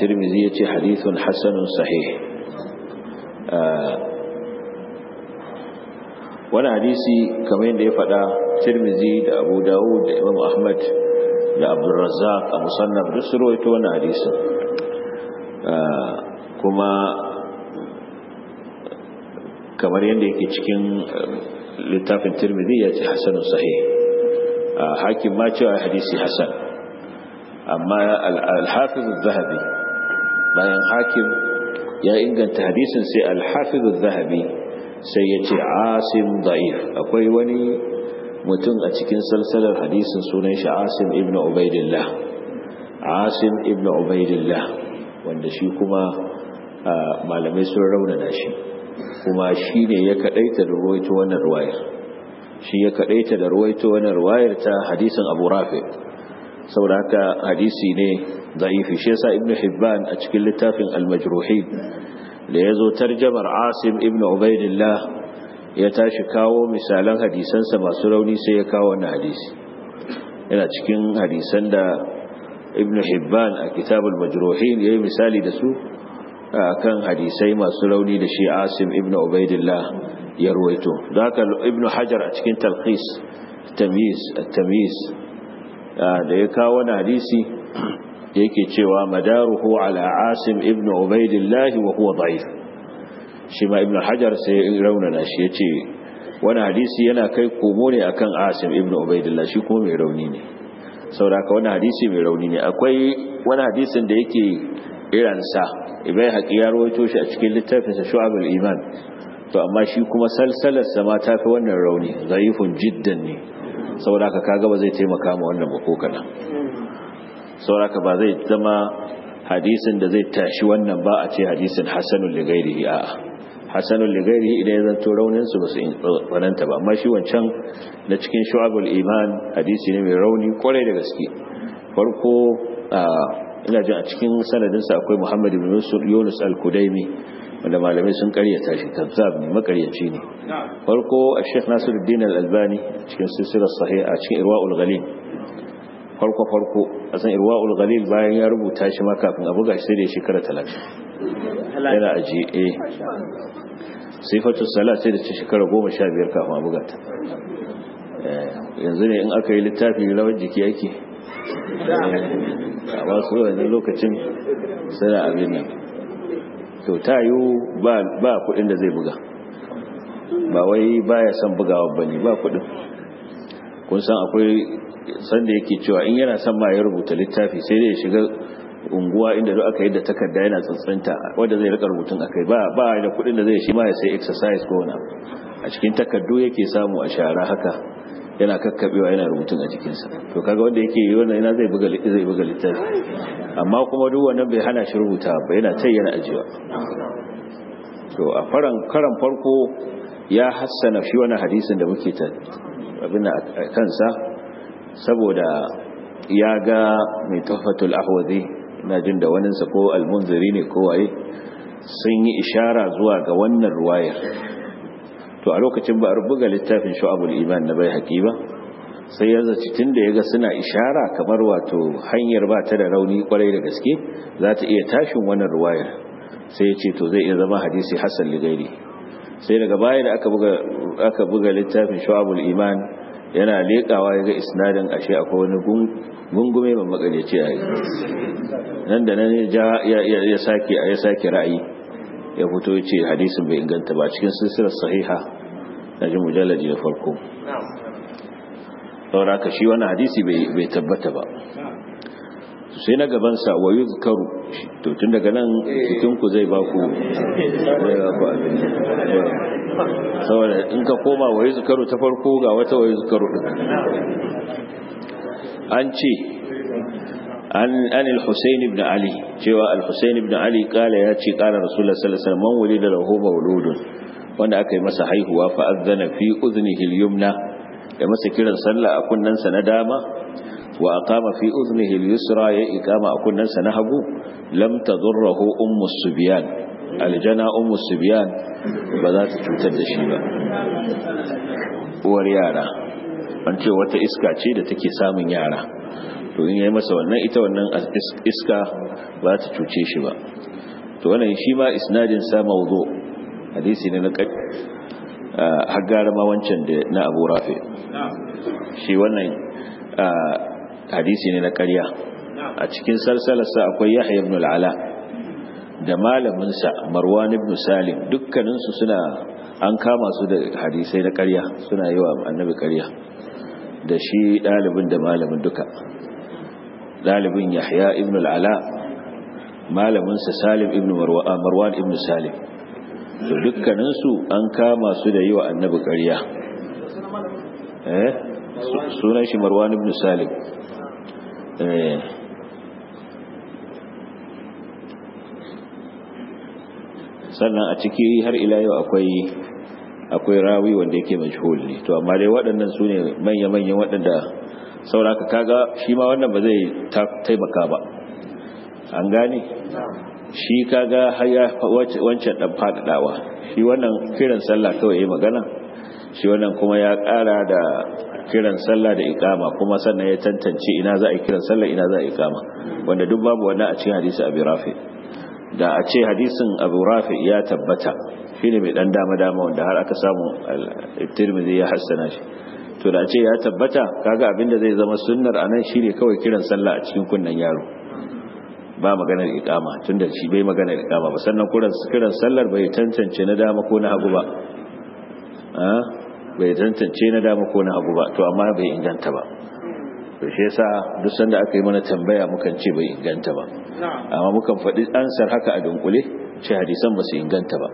ترمذي يتي حديث حسن صحيح wani hadisi kamar yadda ya faɗa tirmizi da abu dawud da imam ahmad da abdulrazzaq a musannaf duk su rawaito wani hadisi? Ah, kuma kamar yadda yake cikin eh, littafin tirmizi ya ce hasanun sahih ah, hakim ma cewa hadisi Hassan, amma al-hafiz zahabi bayan hakim ya inganta hadisin sai al-hafiz zahabi sai ya ce asim da'if akwai wani mutum a cikin salsalar hadisin sunan shi asim ibn ubaidillah asim ibn ubaidillah wanda shi kuma malamai sun raunana shi kuma shi ne ya kaɗaita da ruwaito wannan ruwayar shi ya kaɗaita da ruwaito wannan ruwayar ta hadisin abu rafi saboda haka hadisi ne da'ifi shi sa ibn hibban a cikin littafin Almajruhin. da ya zo tarjamar asim ibn ubaidillah ya tashi kawo misalan hadisansa masu rauni sai ya kawo wani hadisi yana cikin hadisan da ibn hibban a kitabul majruhin ya yi misali da su kan hadisai masu rauni da shi asim ibn ubaidillah ya ruwaito da haka ibn hajar a cikin talqis tamiz da ya kawo wani hadisi da yake cewa madaruhu ala asim ibn ubaidillah wa huwa da'if shi ma ibn hajar sai raunana shi yace wani hadisi yana kai komo ne akan asim ibn ubaidillah shi kuma mai rauni ne saboda ka wani hadisi mai rauni ne akwai wani hadisin da yake iransa ibai haƙi ya shi a cikin littafinsa shu'abul iman to amma shi kuma sa ma ta fi wannan rauni zaifun jiddan ne saboda haka kaga ba zai taimaka ma wannan ba ko sauraka ba zai zama hadisin da zai tashi wannan ba a ce hadisin hasanun ligairihi a hasanun ligairihi idan ya zanto rauninsu ba su tsananta ba amma shi wancan na cikin shu'abul iman hadisi ne mai rauni kwarai da gaske farko ina jin a cikin sanadinsa akwai Muhammadu ibn yunus al-kudaimi wanda malamai sun karyata shi kazzab ne makaryaci ne farko a sheikh nasiruddin al-albani cikin sahi sahiha cikin irwaul ghalib farko farko a san irwa'ul ghalil bayan ya rubuta shi ma kafin a buga shi sai da shekara 30 yana ajiye eh. sai sifatu salat sai da ce shekara goma sha biyar kafin a buga ta eh, yanzu ne in aka yi littafi rawar jiki yake a wasu wani lokacin sai abin nan to ta yi ba kudin da zai buga ba wai ba ya son bugawa ba ne ba kudin kun san akwai sanda yake cewa in yana son ma ya rubuta littafi sai dai ya shiga unguwa inda duk aka yi da takarda yana tsantsanta wanda zai rika rubutun akai ba ba da kuɗin da zai shi ma ya sai exercise ko wani a cikin takardu yake samu a shara haka yana kakkabewa yana rubutun a jikinsa to kaga wanda yake yi wannan yana zai buga zai buga littafi amma kuma duk wannan bai hana shi rubuta ba yana tai yana ajiyewa to a faran karan farko ya hassana shi wani hadisin da muke ta abin kansa saboda ya ga mai tuhfatul ahwazi na jin da waninsa ko almunziri ne ko waye sun yi ishara zuwa ga wannan ruwayar to a lokacin ba a buga littafin shu'abul iman na bai haƙi ba sai ya zaci tun da ya ga suna ishara kamar wato hanyar ba ta da rauni kwarai da gaske za ta iya tashin wannan ruwayar sai ya ce to zai iya zama hadisi hassan ligairi sai daga baya da aka buga littafin shu'abul iman yana leƙawa ya ga isnadin ashe akwai wani gungume ba makareci a yi nan da nan ya sake ra'ayi ya fito ce hadisin bai inganta ba cikin sisirar sahiha na ji mujallaji da farko saboda shi wani hadisi bai tabbata ba sai na gabansa wa yi karu to tun daga nan jikinku zai ba ku saboda in ka koma wa yi karu ta farko ga wata wa yi karu an ce an al-husayn ibn ali cewa al-husayn ibn ali kala ya ce kala rasulullah sallallahu alaihi wasallam man wulida lahu mawludun wanda aka yi masa haihuwa fa azana fi uzni al-yumna da masa kiran sallah a kunnansa na dama wa aqama fi uznihi al-yusra ya iqama a sa na hagu lam tadurruhu ummu subyan aljana ummu subyan ba za ta cutar da shi ba uwar yara an ce wata iska ce da take samun yara to in yayi masa wannan ita wannan iska ba ta cuce shi ba to wannan shi ma isnadin sa mawdu hadisi ne na ah, har gara ma wancan da na Abu Rafi shi wannan ah, hadisi ne na ƙarya a cikin salsalarsa akwai yahya ibn al'ala da malaminsa marwan ibn salim dukkaninsu suna an kama su da hadisai na ƙarya suna yi wa annabi ƙarya da shi ɗalibin da malamin duka ɗalibin yahya ibn al'ala malaminsa salim ibn marwan ibn salim to dukkaninsu an kama su da yi wa annabi ƙarya eh? sunan shi marwan ibn salim Eh. sannan a ciki har ila yau akwai akwai rawi wanda yake majhul ne to amma dai waɗannan su ne manya-manyan waɗanda sauraka kaga shi ma wannan ba zai taimaka ba an gane shi kaga har ya wancan ɗan faɗaɗawa shi wannan kiran sallah kawai ya magana shi wannan kuma ya ƙara da kiran sallah da ikama kuma sannan ya tantance ina za a yi kiran sallah ina za a yi ikama wanda duk babu wannan a cikin hadisi abu rafi da a ce hadisin abu rafi ya tabbata shi ne mai dan dama dama wanda har aka samu tirmidhi ya hassana shi to da a ce ya tabbata kaga abin da zai zama sunnar anan shine kawai kiran sallah a cikin kunnen yaro ba maganar ikama tunda shi bai maganar ikama ba sannan kiran sallar bai tantance na dama ko na hagu ba ah? bai tantance na dama ko na abu ba to amma bai inganta ba to shi yasa duk sanda aka yi mana tambaya mukan ce bai inganta ba amma mukan faɗi ansar haka a dunkule ce hadisan ba su inganta ba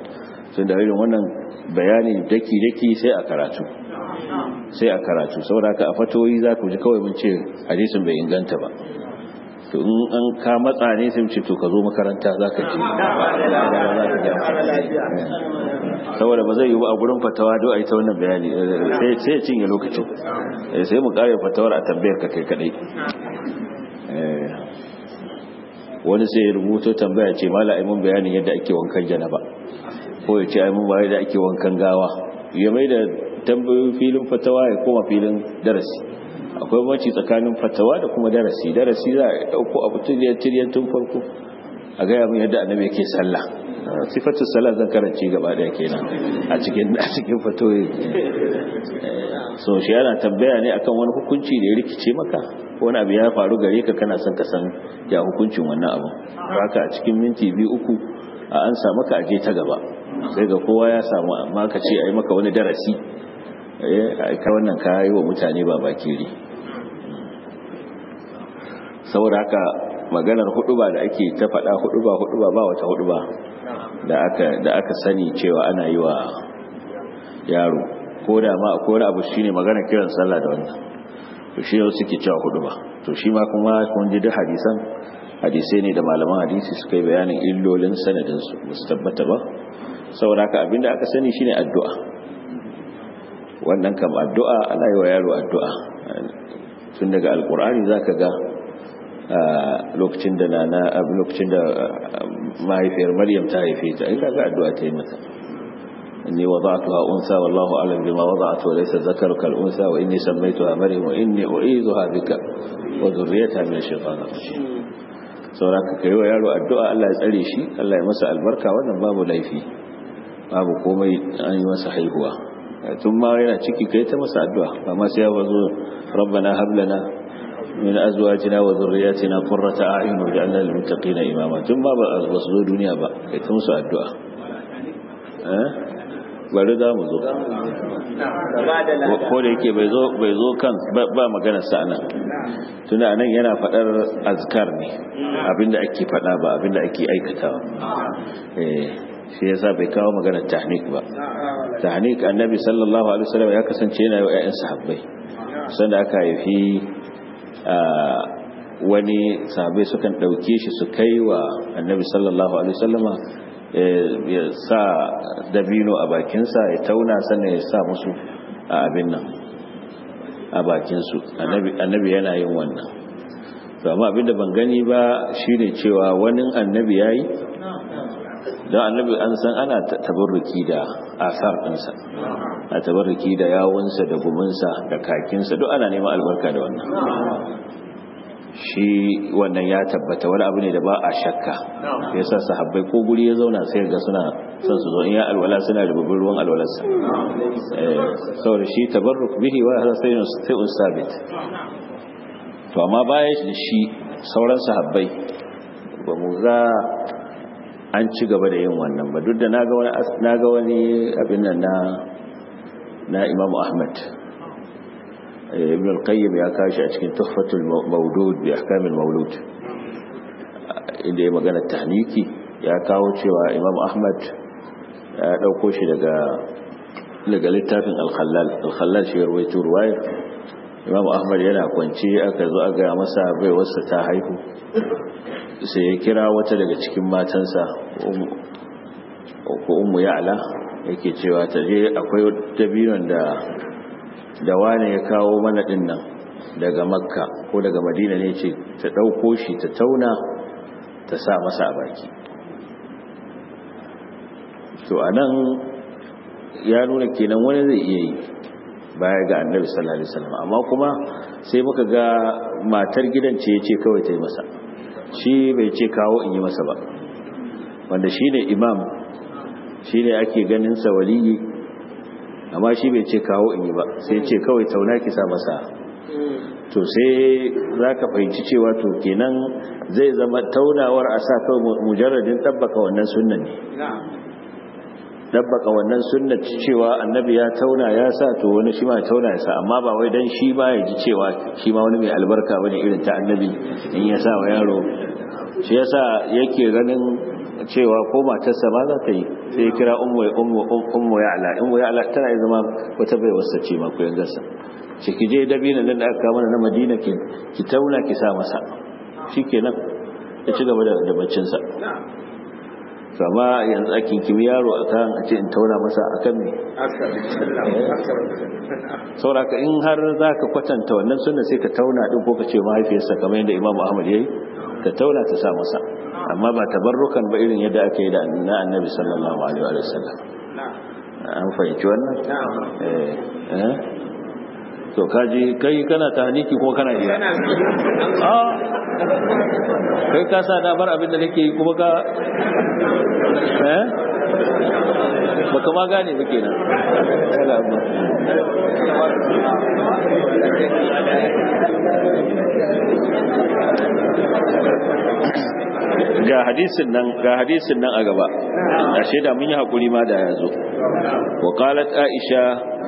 sun da irin wannan bayani daki daki sai a karatu sai a karatu saboda haka a fatoyi za ku ji kawai mun ce hadisin bai inganta ba to in an ka matsa ne sai mu ce to ka zo makaranta za ka ji saboda ba zai yi a gurin fatawa do a yi ta wannan bayani eh, sai ya cinye lokacin eh, sai mu kare fatawar a tambayar ka kai kadai eh, wani sai ya rubuto tambaya ce mala ai bayanin yadda ake wankan janaba ko ya ce ai bayan bayanin yadda ake wankan gawa ya mai da tambayoyin filin fatawa ya koma filin darasi akwai banci tsakanin fatawa da kuma darasi darasi za a ɗauko mutum tun tun farko a gaya min yadda annabi yake sallah sifatu salat zan karanci gaba daya kenan a cikin a cikin fatoyi so shi yana tambaya ne akan wani hukunci da ya rikice maka wani abu ya faru gare ka kana son ka san ya hukuncin wannan abu haka a cikin minti biyu uku a an samu ka aje ta gaba sai ga kowa ya samu amma ka ce ai maka wani darasi eh ka wannan ka yi wa mutane ba bakiri saboda haka maganar hudu ba da ake ta faɗa hudu ba hudu ba ba wata hudu ba da aka sani cewa ana yi wa yaro ko da ma ko da abu shine magana kiran sallah da wannan to shi yau suke cewa hudu ba to shi ma kuma kun ji duk hadisan hadisai ne da malaman hadisi suka yi bayanin illolin sanadin su ba su tabbata ba saboda haka abinda aka sani shine addu'a wannan kam addu'a ana yi wa yaro addu'a tun daga alkur'ani ka ga lokacin da nana lokacin da mahaifiyar maryam ta haife ta in kaga addu'a ta yi mata inni wada'tuha unsa wallahu a'lam bima a wa laysa dhakaru kal unsa wa inni sammaytuha maryam wa inni u'idhuha bika wa dhurriyyataha min ash-shaytan sauraka kai wa yaro addu'a Allah ya tsare shi Allah ya masa albarka wannan babu laifi babu komai an yi masa haihuwa tun ma yana ciki kai ta masa addu'a ba ma sai ya wazo rabbana hablana min azwajina wa dhurriyyatina qurrata a'yun waj'alna lil muttaqina imama tun ba ba su zo duniya ba kai ta musu addu'a eh bari za mu zo ko da yake bai zo bai zo kan ba magana sa nan tunda anan yana faɗar azkar ne abinda ake faɗa ba abinda ake aikatawa eh shi sa bai kawo magana tahnik ba tahnik annabi sallallahu alaihi wasallam ya kasance yana yi wa ƴaƴan sahabbai sanda aka haifi wani sahabai sukan ɗauke shi su kai wa annabi sallallahu alaihi wasallama ya sa dabino a bakinsa ya tauna sannan ya sa musu a abin nan a bakinsu annabi yana yin wannan to amma abin da ban gani ba shine cewa wani annabi ya yi don annabi an san ana tabarruki da asar ɗinsa a tabarruki da yawunsa da gumunsa, da kakinsa duk ana neman albarka da wannan shi wannan ya tabbata wani abu ne da ba a shakka ya sa sahabbai ko guri ya zauna sai ga suna son su zo in ya alwala suna da babban ruwan alwalarsa eh, saboda shi tabarruk bihi wa ya sai sai sabit, to amma baya shi sauran sahabbai ba mu za. an ci gaba da yin wannan ba duk da na ga wani abin nan na imamu ahmad eh, ibn al-qayyim ya kashi a cikin tuhfatul mawdud bi ahkamil mawlud inda ya magana tahniki ya kawo cewa imamu ahmad ya dauko shi daga daga littafin al-khallal al-khallal shi ruwaito ruwaya imamu ahmad yana kwance aka zo aga gaya masa bai wasa ta haihu sai ya kira wata daga cikin matansa ko ya ala yake cewa ta je akwai dabinon da da wani ya kawo mana dinnan daga makka ko daga madina ne ce ta ɗauko shi ta tauna ta sa masa a baki to anan ya nuna kenan wani zai iya yi baya ga annabi sallallahu alaihi wasallam amma kuma sai muka ga matar gidan ce yace kawai ta yi masa shi bai ce kawo in yi masa ba wanda shi ne imam shi ne ake ganin sa waliyi amma shi bai ce kawo in yi ba sai ce kawai tauna kisa masa to sai za ka fahimci cewa to kenan zai zama taunawar a sa kawai mujarradin tabbaka wannan sunan ne dabbaka wannan sunnar cewa annabi ya tauna ya sa to wani shi ma ya tauna ya sa amma ba wai dan shi ba ya ji cewa shi ma wani mai albarka bane irin ta annabi in ya sa wa yaro shi sa yake ganin cewa ko matarsa ba za ta yi sai ya kira umu ya umu umu ya ala umu ya ala tana zama wata bai wasa ce ma ku yanga sa ce ki je dabina nan da aka kama na Madina ki ki tauna ki sa masa shi shikenan ya ci gaba da baccin sama yanzu ake kimi yaro a kan a ce in tauna masa a kan ne sauraka in har za ka kwatanta wannan suna sai ka tauna ɗin ko ka ce mahaifiyarsa kamar yadda imam ahmad ya yi ka tauna ta sa masa amma ba tabarrukan ba irin yadda aka yi da na annabi sallallahu alaihi wa sallam an fahimci wannan eh, eh. to kaji kai kana ta haniki ko kana iya ah. kai ka sa na bar abin da nake yi kuma ka eh? baka ma gane ba ke ga hadisin nan ga hadisin nan a gaba ashe da mun yi hakuri ma da yazo wa qalat aisha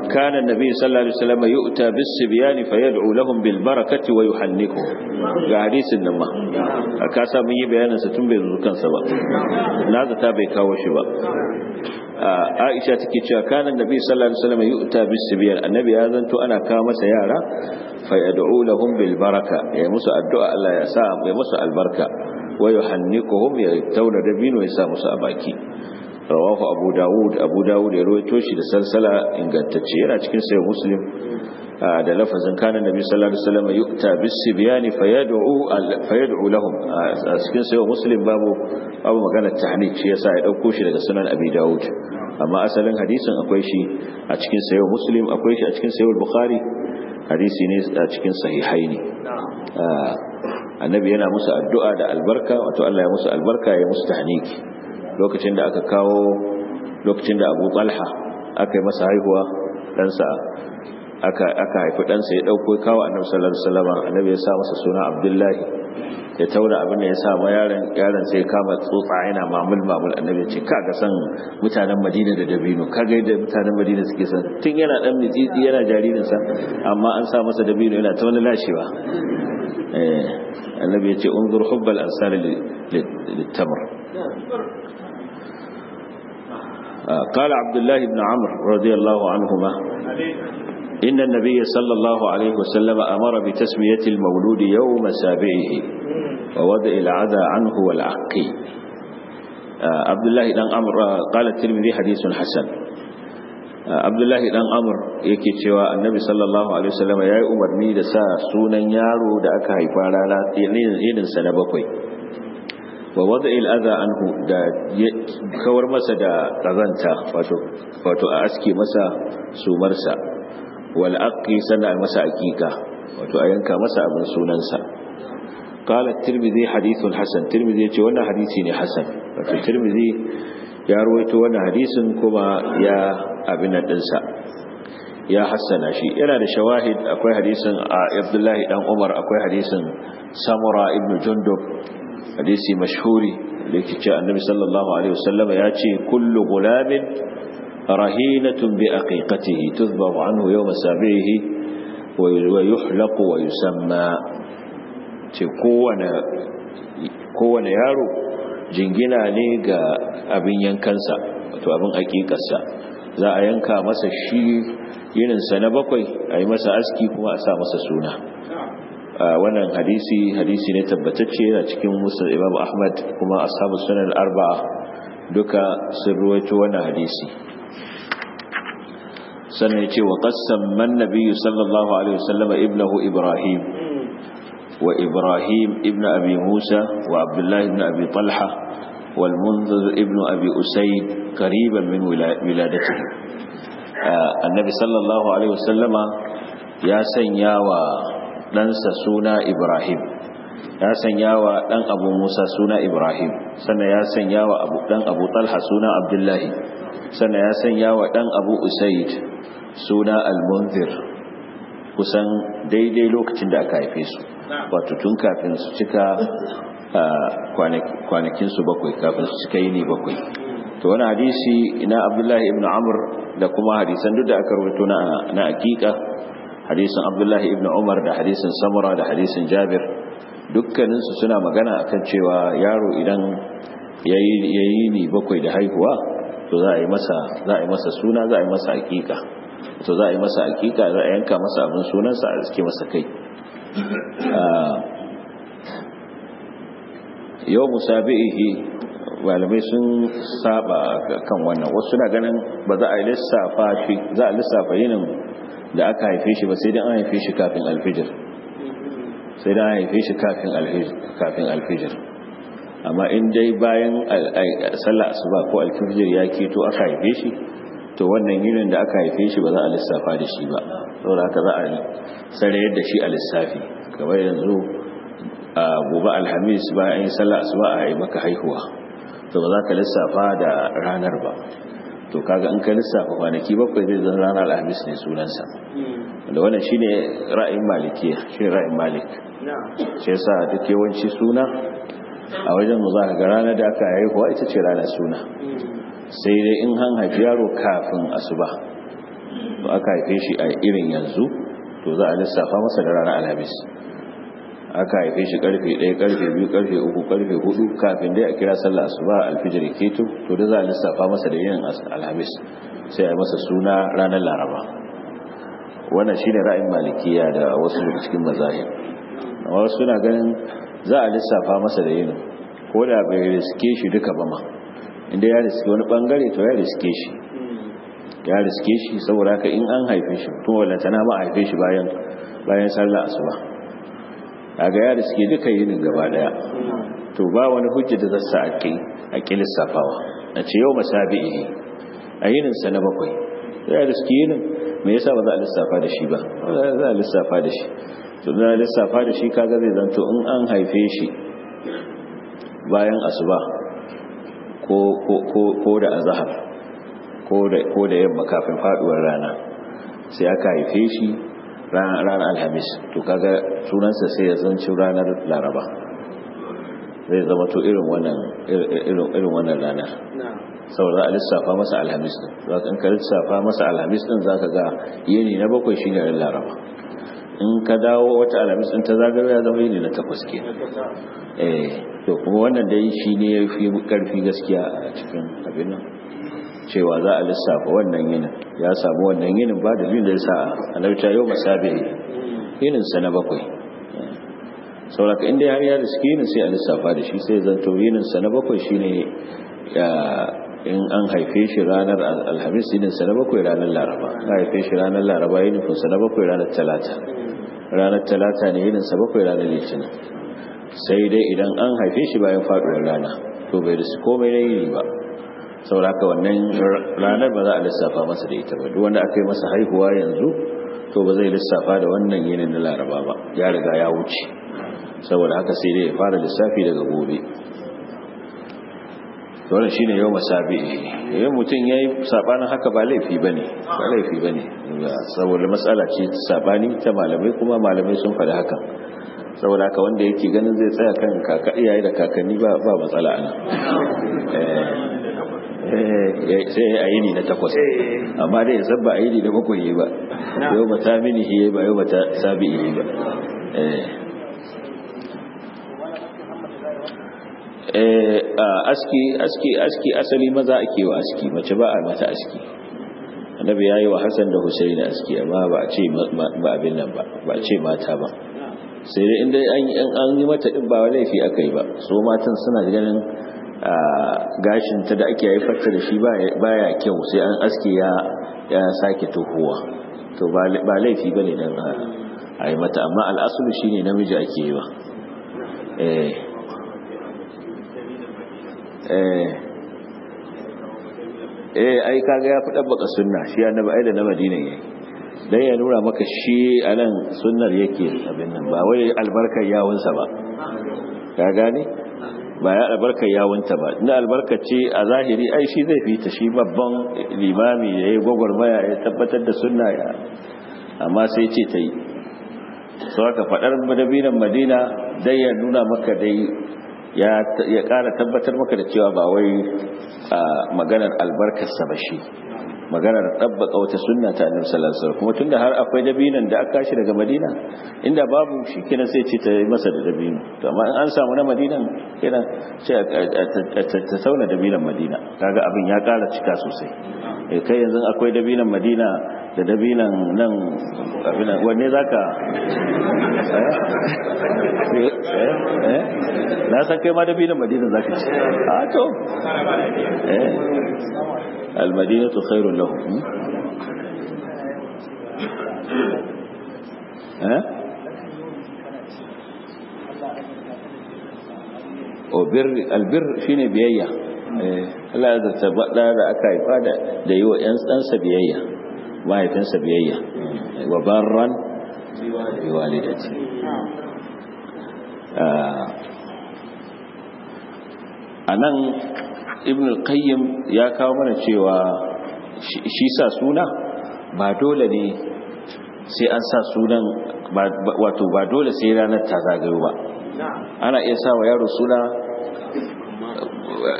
kana annabi sallallahu alaihi wasallam yu'ta bis-sibyan fa yad'u lahum bil barakati wa yuhanniku ga hadisin nan ma ka sa mun tun bai zo kansa ba na bai kawo shi ba Aisha take cewa kana Nabi sallallahu alaihi wasallam annabi ya zanto ana kawo masa yara fa yad'u musu addu'a musu albarka wa ya tauna dabino ya sa musu a baki rawahu abu dawud abu dawud ya rawaito shi da salsala ingantacce yana cikin sayo muslim da lafazin kanan nabi sallallahu alaihi wasallam yu'ta bis-sibyani fayad'u fayad'u lahum a cikin sayo muslim babu babu magana tahnid shi yasa ya dauko shi daga sunan abi dawud amma asalin hadisin akwai shi a cikin sayo muslim akwai shi a cikin sayo bukhari hadisi ne a cikin sahihaini annabi yana musu addu'a da albarka wato Allah ya musu albarka ya musu tahniki lokacin da aka kawo lokacin da abu talha aka yi masa haihuwa ɗansa aka haifi ɗansa ya ɗauko kawo annabi sallallahu alaihi wasallam annabi ya sa masa suna abdullahi ya taura abin da ya sa ma yaron yaron sai kama tsotsa yana mamul mamul annabi ce kaga san mutanen madina da dabino kaga yadda mutanen madina suke san tun yana dan mitsitsi yana jaririn sa amma an sa masa dabino yana ta wani lashewa eh annabi ya ce unzur hubbal lit tamr قال عبد الله بن عمرو رضي الله عنهما إن النبي صلى الله عليه وسلم أمر بتسمية المولود يوم سابعه ووضع العذى عنه والعقي عبد الله بن عمرو قال الترمذي حديث حسن abdullahi dan amur yake cewa annabi sallallahu alaihi wasallam ya yi umarni da sa sunan yaro da aka haifa rana irinsa na bakwai wa wada il'aza anhu da kawar masa da ƙazanta wato a aske masa sumarsa wal'aƙi sannan masa aƙiƙa wato a yanka masa abin sunansa ƙalar tirmidhi hadithun hassan tirmidhi ya ce wannan hadisi ne hassan wato tirmidhi ya ruwaito wannan hadisin kuma ya abin ɗinsa ya hassana shi yana da shawahid akwai hadisin a abdullahi dan umar akwai hadisin samura ibn jundub hadisi mashhuri da yake cewa annabi sallallahu alaihi wasallama ya ce kullu gulamin rahinatun bi aqiqatihi tuzbahu anhu yawma sabihi wa yuhlaqu wa yusamma ce kowane kowane yaro jingina ne ga abin yankansa wato abin aqiqarsa za a yanka masa shi yininsa na bakwai a yi masa aski kuma a sa masa suna wannan hadisi hadisi ne tabbatacce yana cikin musul imam ahmad kuma ashabu sunan arba'a duka sun ruwaito wannan hadisi sannan ce wa qassan man nabiyyu sallallahu alaihi wasallam ibnahu ibrahim wa ibrahim Ibn abi musa wa abdullah Ibn abi talha wal munzir Ibn abi usayd qariban min wiladatihi annabi sallallahu alaihi wasallama ya sanya wa ɗansa suna ibrahim ya sanya wa ɗan abu musa suna ibrahim sannan ya sanya wa ɗan abu talha suna abdullahi sannan ya sanya wa ɗan abu usaid suna almunzir kusan daidai lokacin da aka haife su wato tun kafin su cika kwanakinsu bakwai kafin su cika yini bakwai to wani hadisi na abdullahi ibn amr da kuma hadisan duk da aka rubuto na akika hadisin abdullahi ibn umar da hadisin samura da hadisin jabir dukkaninsu suna magana a kan cewa yaro idan ya yi ni bakwai da haihuwa to za a yi masa suna za a yi masa hakika to za a yi masa hakika za a yanka masa abin sunansa a riske masa kai ah, yau musabi'ihi malamai sun saba kan wannan wasu na ganin ba za a lissafa shi za a lissafa yinin da aka haife shi ba sai dai an haife shi kafin alfijir sai dai an haife shi kafin alfijir amma in dai bayan sallah asuba ko alfijir ya keto aka haife shi to wannan yinin da aka haife shi ba za a lissafa da shi ba da haka za a sarayar da shi a lissafi kamar yanzu a gobe alhamis bayan sallah asuba a yi maka haihuwa to ba za ka lissafa da ranar ba to kaga in ka lissafa kwanaki bakwai zai zan ranar alhamis ne sunansa hmm. da wannan shine ra'ayin malikiya shi ra'ayin malik shi yasa duk yawanci suna a wajen mu za ga ranar da aka haihuwa ita ce ranar suna hmm. sai dai in han haifi yaro kafin asuba to aka haife shi a irin yanzu to za a lissafa masa da ranar alhamis aka haife shi karfe ɗaya karfe biyu karfe uku karfe hudu kafin dai a kira sallah asuba alfijir keto to da za a lissafa masa da yin alhamis sai a masa suna ranar laraba wannan shine ra'ayin malikiya da wasu daga cikin mazahib amma suna ganin za a lissafa masa da yin ko da bai riske shi duka ba ma inda ya riske wani bangare to ya riske shi ya riske shi saboda haka in an haife shi to wallantana ma a haife shi bayan bayan sallah asuba a ga yada suke duka yinin gaba daya to ba wani hujji da ake a ƙi lissafawa a ce yau masabi'i a yininsa na bakwai ya da suke yinin me yasa ba za a lissafa da shi ba za a lissafa da shi to a lissafa da shi kaga zai zanto in an haife shi bayan asuba ko da azahar ko da yamma kafin faduwar rana sai aka haife shi ranar alhamis to kaga sunansa sai ya zanci ranar laraba zai zama to irin wannan ranar saboda a lissafa masa alhamis din za ka ka lissafa masa alhamis din za ka ga yini na bakwai shi ne laraba in ka dawo wata alhamis din ta zagayo ya zama yini na takwas ke eh to kuma wannan dai shi ne ya fi karfi gaskiya a cikin abin nan cewa za a lissafa wannan yinin ya samu wannan yinin ba da da sa halarci yau masabe yinin sa na bakwai sauraka inda ya da suke yinin sai a lissafa da shi sai zanto yinin sa na bakwai shine in an haife shi ranar alhamis yinin sa na bakwai ranar laraba na haife shi ranar laraba yinin sa na bakwai ranar talata ranar talata ne yinin sa bakwai ranar litinin sai dai idan an haife shi bayan faɗuwar rana to bai su komai na yini ba sauraka wannan ranar ba za a lissafa masa da ita ba duk wanda aka yi masa haihuwa yanzu to ba zai lissafa da wannan yanin na laraba ba ya riga ya wuce saboda haka sai dai ya fara lissafi daga gobe wanda shi ne yau masabi yayin eh, mutum ya yi saɓanin haka ba laifi ba ne ba laifi ba ne saboda matsala ce saɓani ta malamai kuma malamai sun faɗi haka saboda haka wanda yake ganin zai tsaya kan kaka iyaye da kakanni ba matsala ana eh. Eh, sai a yi ni na takwas eh. amma dai ya san ba a yi ni na bakwai yi ba yau ba ta mini yi ba yau ba ta sabi yi ba eh. aski aski aski asali maza ake wa aski mace ba a mata aski annabi yayi wa Hassan da Husaini aski amma ba a ce ba abin nan ba ba a ce mata ba sai dai inda an yi mata din ba laifi aka yi ba so matan suna ganin gashinta da ake haifarta da shi baya kyau sai an aske ya sake tohuwa to ba laifi ba ne don a yi mata amma al'asulu shi ne namiji ake yi ba eh, eh. eh ai kaga ya fi ɗabbaka sunna shi annabi ai da na madina ne dan ya nura maka shi a sunnar yake abin nan ba wai albarkar yawunsa ba ka gane ba ya albarka yawunta ba na albarka ce a zahiri ai shi zai fi ta shi babban limami ya yi gwagwarmaya ya tabbatar da sunna ya amma sai ce ta yi sau faɗar madabinan madina dai ya nuna maka dai ya ƙara tabbatar maka da cewa ba wai maganar albarkarsa ba shi maganar ɗabbaƙa wata sunna ta annabi sallallahu alaihi tun kuma har akwai dabinan da aka shi daga madina inda babu shi kina sai ce ta yi masa da dabinu, to amma an samu na madina kina ce ta sauna dabinan madina kaga abin ya ƙara cika sosai eh, kai yanzu akwai dabinan madina da dabinan nan abinan wanne za ka eh? Eh? Eh? na san kai ma dabinan madina za ka ci a to almadina to khairun lahu hmm? oh, albir ne biyayya Allah ya zarta da aka haifa da yi wa 'yan tsansa biyayya mahaifinsa biyayya wa barran bi a ah. ah, nan ibn ya kawo mana cewa shi sa suna ba dole ne sai an sa sunan wato ba dole sai ranar ta zagayo ba ana iya sa wa yaro suna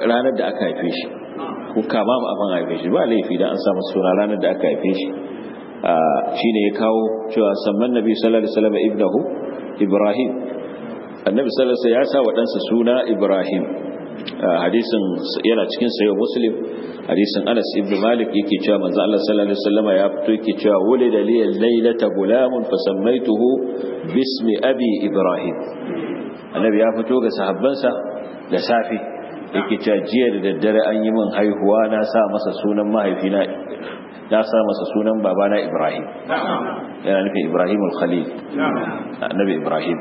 ranar da aka haife shi ko kama mu abin haife shi ba laifi da an samu suna ranar da aka haife shi ne ya kawo cewa samman nabi sallallahu alaihi wasallam ibnahu ibrahim annabi sallallahu alaihi wasallam ya sa wa ɗansa suna ibrahim hadisin yana cikin sayo muslim hadisin anas ibn malik yake cewa manzo Allah sallallahu alaihi wasallam ya fito yake cewa wale da liyal laylata gulamun fa sammaituhu bismi abi ibrahim annabi ya fito ga sahabbansa da safi yake cewa jiya da daddare an yi min haihuwa na sa masa sunan mahaifina na sa masa sunan babana Ibrahim yana nufin Ibrahim al-Khalil annabi Ibrahim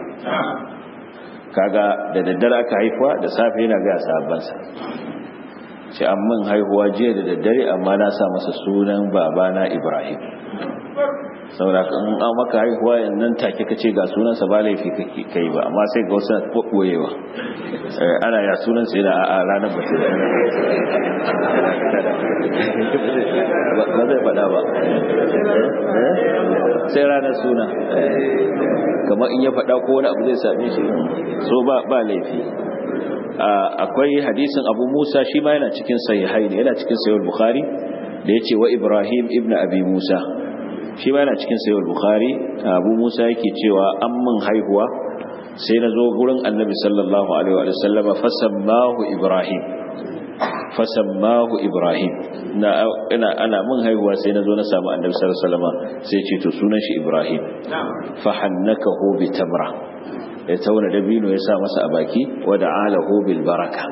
kaga da daddare aka haifuwa da safe yana ga sahabbansa ce an min haihuwa jiya da daddare amma na sa masa sunan babana Ibrahim saboda in an maka haihuwa nan take ka ce ga sunansa ba laifi kai ba amma sai ga wasu ɓoyewa eh, ana ya sunan sa yana a ranar ba ba zai faɗa ba eh? sai ranar suna eh, kamar in ya faɗa ko wani abu zai same shi so ba laifi akwai hadisin abu musa shi ma yana cikin sahihai ne yana cikin sahihul bukhari da ya ce wa ibrahim ibn abi musa shi ba yana cikin sayyid bukhari abu musa yake cewa an min haihuwa sai na zo gurin annabi sallallahu alaihi wa sallama fasammahu ibrahim fasammahu ibrahim ina ana mun haihuwa sai na zo na samu annabi sallallahu alaihi wa sallama sai ce to sunan shi ibrahim fa hannakahu bi tamra ya tauna dabino ya sa masa a baki wa da'alahu bil baraka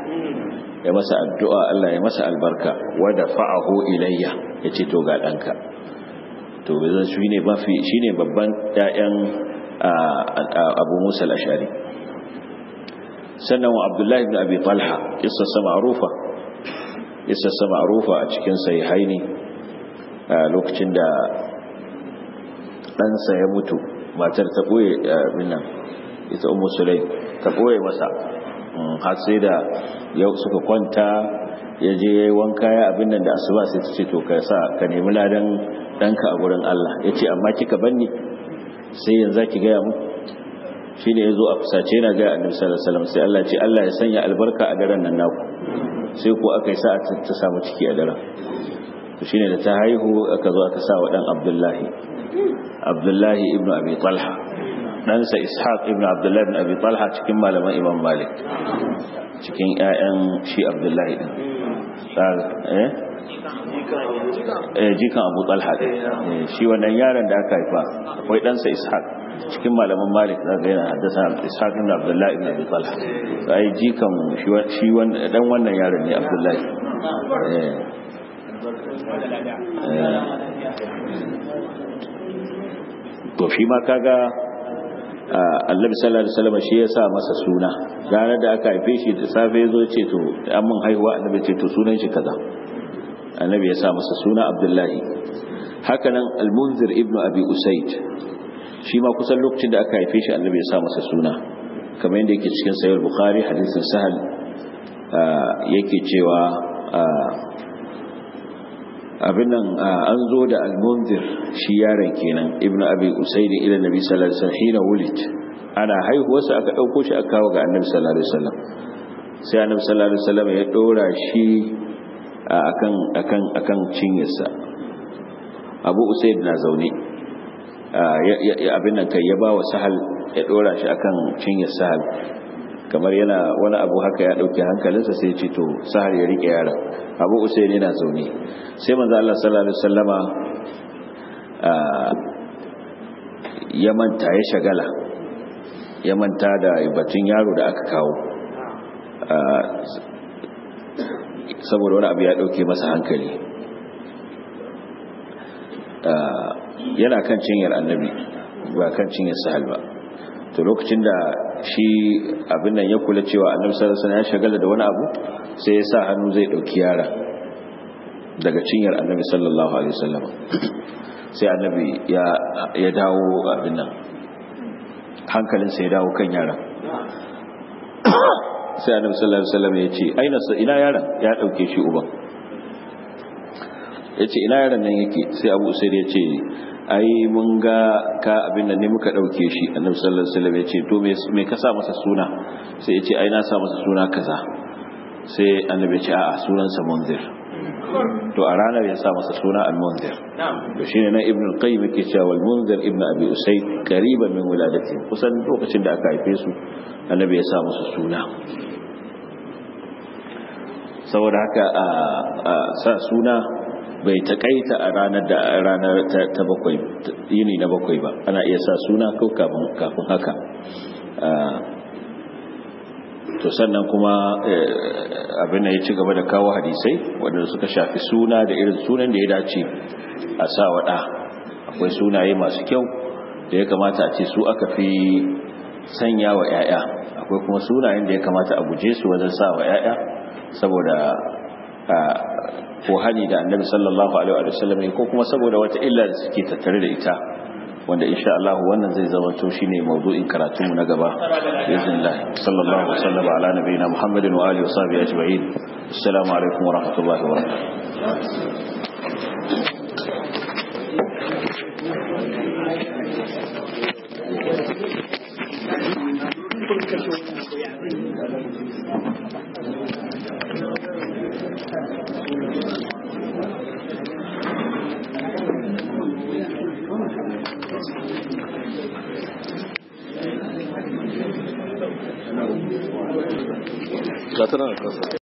ya masa addu'a Allah ya masa albarka wa dafa'ahu ilayya yace to ga danka to shi ne mafi shi ne babban ƴaƴan abu musa Lashari. sannan wa abdullahi bin abi talha kissarsa ma'rufa kissarsa ma'rufa a cikin sahihaini lokacin da ɗansa ya mutu matar ta ɓoye minna ita Umar sulaim ta ɓoye masa mm, har sai da yau suka kwanta ya je ya yi wanka ya abin nan da asuba sai ta ce to ka sa ka nemi ladan ɗanka a wurin Allah ya ce amma kika banni sai yanzu ki gaya mu shi ne ya zo a fusace yana gaya annabi sallallahu alaihi wasallam sai Allah ce Allah ya sanya albarka a daren nan naku sai ko aka yi a ta samu ciki a daren to ne da ta haihu aka zo aka sa wa dan Abdullahi Abdullahi ibnu Abi Talha ɗansa ishaq ibn abdullahi ibn abi talha cikin malaman imam malik cikin ƴaƴan shi abdullahi din eh? Eh, jikan abu talha eh, shi wannan yaron da aka haifa akwai ɗansa ishaq cikin malaman malik za ga yana haddasa ishaq ibn abdullahi ibn abi talha ai jikan shi dan wannan yaron ne abdullahi to shi ma kaga Ah, annabi sallallahu alaihi wasallam shi ya sa masa suna ranar da aka haife shi da safe zo ce to an mun haihuwa annabi ce to sunan shi kaza annabi ya sa masa suna abdullahi hakanan nan al-munzir ibn abi usaid shi ma kusan lokacin da aka haife shi annabi ya sa masa suna kamar yadda yake cikin sahih bukhari hadisin sahal ah, yake cewa ah, Abinan an zo da al-munzir shi yaron kenan ibnu abi usaid ila nabi sallallahu alaihi wasallam hina wulid ana haihuwa sa aka dauko shi aka kawo ga annabi sallallahu alaihi wasallam sai annabi sallallahu alaihi wasallam ya dora shi akan akan akan cinyarsa abu usaid na zaune abin nan kai ya ba wa sahal ya dora shi akan cinyar sahal kamar yana wani abu haka ya dauke hankalinsa sai ce to sahar ya rike yara abu usaini yana zaune sai manzo Allah sallallahu alaihi wasallama ya manta ya shagala ya manta da batun yaro da aka kawo saboda wani abu ya dauke masa hankali yana kan cinyar annabi ba kan cinyar sahal ba to lokacin da shi abin nan ya kula cewa annabi sallallahu alaihi wasallam ya shagala da wani abu sai ya sa hannu zai dauki yara daga cinyar annabi sallallahu alaihi wasallam sai annabi ya ya dawo abin nan sai ya dawo kan yara sai annabi sallallahu alaihi wasallam ya ce aina ina yaran ya dauke shi uban yace ina yaran nan yake sai abu sai ya ce ai mun ga ka abin da ne muka ɗauke shi annabi sallallahu alaihi wasallam ya ce to me ka sa masa suna sai ya ce ai na sa masa suna kaza sai annabi ya ce a'a sunansa munzir to a ranar ya sa masa suna al-munzir to shine na ibn al-qayyim yake cewa al-munzir ibn abi usayd qariban min wuladati kusan lokacin da aka haife su annabi ya sa masa suna saboda haka a sa suna bai takaita a ranar da ranar ta bakwai yini na bakwai ba ana iya sa suna ko kafin haka ah, to sannan kuma eh, abin da ya ci gaba da kawo hadisai wadanda suka shafi suna da irin sunan da ya dace a sa waɗa akwai sunaye masu kyau da ya kamata a ce su aka fi sanya wa 'ya'ya akwai kuma sunayen da ya kamata a guje su wajen sa wa 'ya'ya saboda ah, ko hani da annabi sallallahu alaihi wa sallam ne ko kuma saboda wata illa da suke tattare da ita wanda insha Allah wannan zai zama to shine mawdu'in karatunmu na gaba bismillah sallallahu alaihi wa sallam ala nabiyina muhammadin wa alihi wa sahbihi ajma'in assalamu alaikum wa rahmatullahi wa barakatuh 咋着呢？